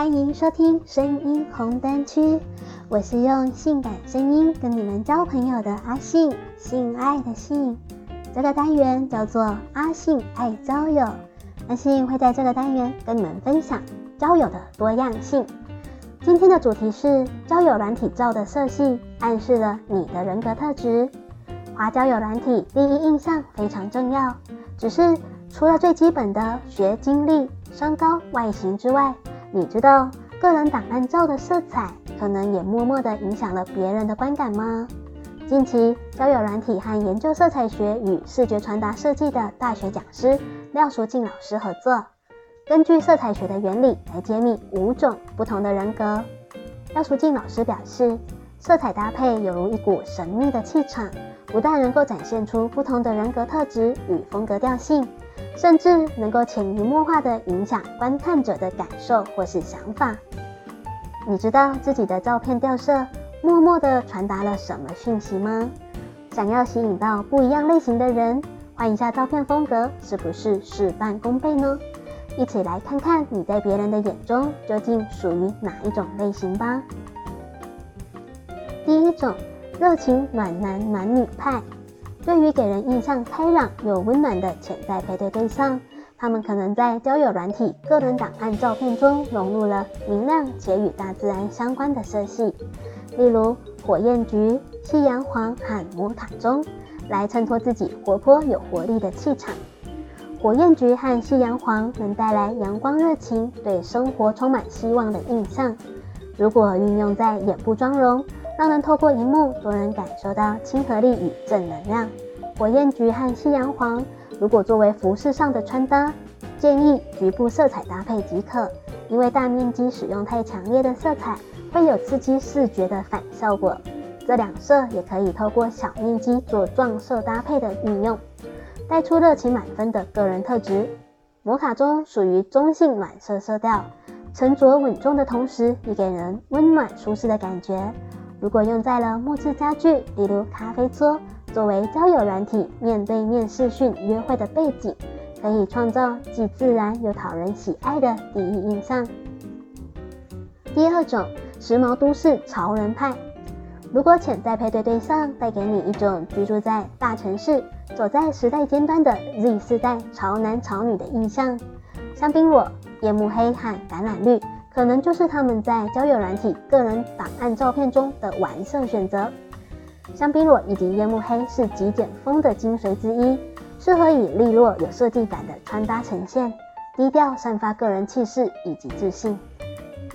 歡迎收聽聲音紅燈區，我是用性感聲音跟你們交朋友的阿性，性，性愛的性。這個單元叫做阿性愛交友，阿性會在這個單元跟你們分享交友的多樣性。今天的主題是交友軟體照的色系暗示了你的人格特質。滑交友軟體，第一印象非常重要，只是，除了最基本的學經歷、身高、外型之外，你知道個人檔案照的色彩可能也默默地影響了別人的觀感嗎？近期，交友軟體和研究色彩學與視覺傳達設計的大學講師廖淑靜老師合作，根據色彩學的原理來揭祕五種不同的人格。廖淑靜老師表示，色彩搭配有如一股神祕的氣場，不但能夠展現出不同的人格特質與風格調性。甚至能夠潛移默化地影響觀看者的感受或是想法。你知道自己的照片調色，默默地傳達了什麼訊息嗎？想要吸引到不一樣類型的人，換一下照片風格，是不是事半功倍呢？一起來看看你在別人的眼中，究竟屬於哪一種類型吧。第一種，熱情暖男暖女派。對於給人印象開朗又溫暖的潛在配對對象，他們可能在交友軟體、個人檔案照片中融入了明亮且與大自然相關的色系，例如火焰橘、夕陽黃、和摩卡棕，來襯托自己活潑有活力的氣場。火焰橘和夕陽黃能帶來陽光熱情、對生活充滿希望的印象。如果運用在眼部妝容，讓人透過熒幕都能感受到親和力與正能量。火焰橘和夕陽黃，如果作為服飾上的穿搭，建議局部色彩搭配即可，因為大面積使用太強烈的色彩會有刺激視覺的反效果。這兩色也可以透過小面積做撞色搭配的運用，帶出熱情滿分的個人特質。摩卡棕屬於中性暖色色調，沉着穩重的同時，也給人溫暖舒適的感覺。如果用在了木質家具，比如咖啡桌，作為交友軟體面對面視訊約會的背景，可以創造既自然又討人喜愛的第一印象。第二種，時髦都市潮人派，如果潛在配對對象帶給你一種居住在大城市、走在時代尖端的 Z 世代潮男潮女的印象，香檳裸，夜幕黑和橄欖綠。可能就是他們在交友軟體個人檔案照片中的玩色選擇。香檳裸以及煙霧黑是極簡風的精髓之一，適合以利落有設計感的穿搭呈現，低調散發個人氣勢以及自信。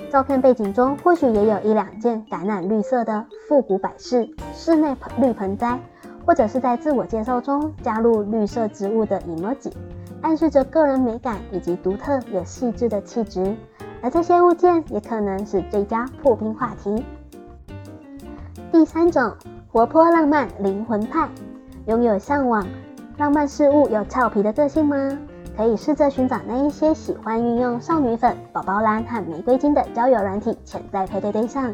照片背景中或許也有一兩件橄欖綠色的復古擺飾、室內綠盆栽，盆栽，或者是在自我介紹中加入綠色植物的 emoji，暗示着個人美感以及獨特有細緻的氣質。而這些物件也可能是最佳破冰話題。第三種活潑浪漫靈魂派，擁有向往浪漫事物又俏皮的個性嗎？可以試着尋找那一些喜歡運用少女粉、寶寶藍和玫瑰金的交友軟體潛在配對對象，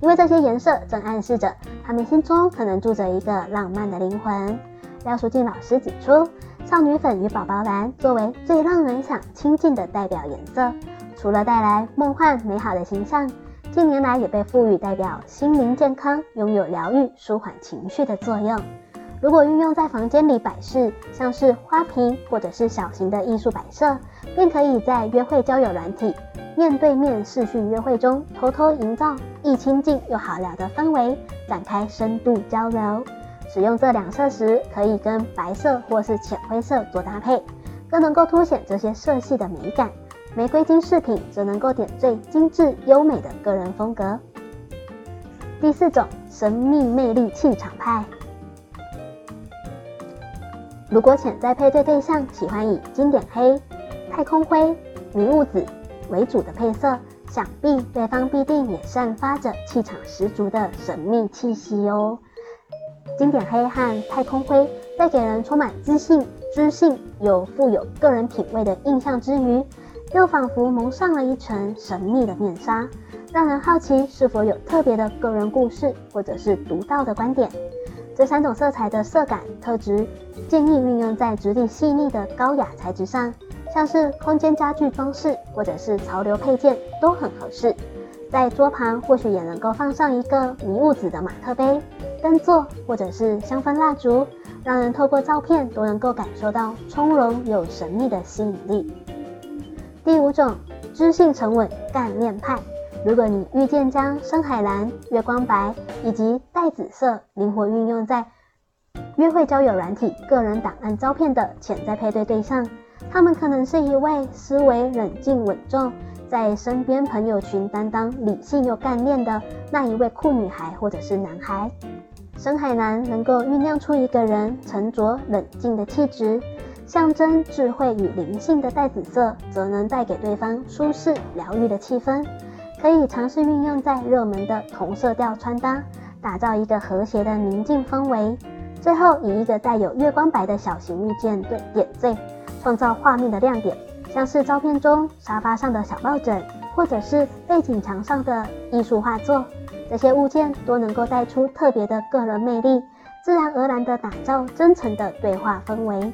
因為這些顏色正暗示着他們心中可能住着一個浪漫的靈魂。廖淑靜老師指出，少女粉與寶寶藍作為最讓人想親近的代表顏色。除了帶來夢幻美好的形象，近年來也被賦予代表心靈健康、擁有療癒、舒緩情緒的作用。如果運用在房間裡擺飾，像是花瓶或者是小型的藝術擺設，便可以在約會、交友軟體、面對面視訊約會中，偷偷營造易親近又好聊的氛圍，展開深度交流。使用這兩色時，可以跟白色或是淺灰色做搭配，更能夠凸顯這些色系的美感。玫瑰金飾品則能夠點綴精致優美的個人風格。第四種神秘魅力氣場派，如果潛在配對對象喜歡以經典黑、太空灰、迷霧紫為主的配色，想必對方必定也散發着氣場十足的神秘氣息哦。經典黑和太空灰在給人充滿自信、知性又富有個人品味的印象之餘，又仿佛蒙上了一層神秘的面紗，讓人好奇是否有特別的個人故事，或者是獨到的觀點。這三種色彩的色感特質，建議運用在質地細膩的高雅材質上，像是空間家具裝飾，或者是潮流配件都很合適。在桌旁或許也能夠放上一個迷霧紫的馬克杯、燈座或者是香氛蠟燭，讓人透過照片都能夠感受到從容又神秘的吸引力。第五種，知性沉穩幹練派。如果你遇見將深海藍、月光白以及帶紫色靈活運用在約會交友軟體、個人檔案照片的潛在配對對象，他們可能是一位思維冷靜穩重，在身邊朋友群擔當理性又幹練的那一位酷女孩或者是男孩。深海藍能夠醞釀出一個人沉着冷靜的氣質。象徵智慧與靈性的帶紫色，則能帶給對方舒適療癒的氣氛，可以嘗試運用在熱門的同色調穿搭，打造一個和諧的寧靜氛圍。最後以一個帶有月光白的小型物件做點綴，創造畫面的亮點，像是照片中沙發上的小抱枕，或者是背景牆上的藝術畫作，這些物件都能夠帶出特別的個人魅力，自然而然地打造真誠的對話氛圍。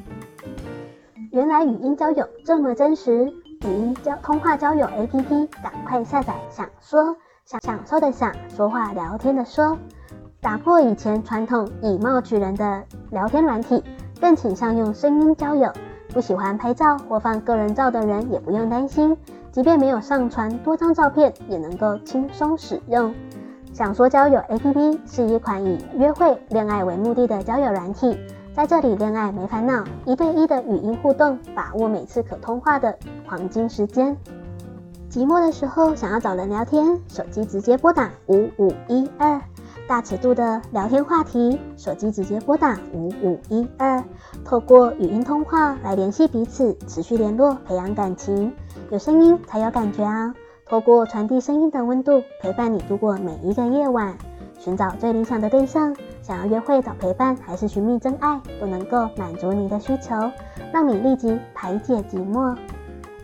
原來語音交友這麼真實，語音交通話交友 APP，趕快下載享說。享說，享受的享，說話聊天的說，打破以前傳統以貌取人的聊天軟體，更傾向用聲音交友。不喜歡拍照或放個人照的人也不用擔心，即便沒有上傳多張照片，也能夠輕鬆使用。享說交友 APP 是一款以約會戀愛為目的的交友軟體。在這裡戀愛沒煩惱，一對一的語音互動，把握每次可通話的黃金時間。寂寞的時候想要找人聊天，手機直接撥打五五一二，大尺度的聊天話題，手機直接撥打五五一二。透過語音通話來聯繫彼此，持續聯絡，培養感情。有聲音才有感覺啊！透過傳遞聲音的溫度，陪伴你度過每一個夜晚，尋找最理想的對象。想要約會找陪伴，還是尋覓真愛，都能夠滿足你的需求，讓你立即排解寂寞。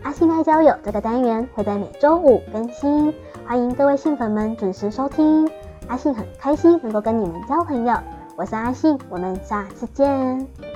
阿性愛交友這個單元會在每週五更新，歡迎各位性粉們準時收聽。阿性很開心能夠跟你們交朋友，我是阿性，我們下次見。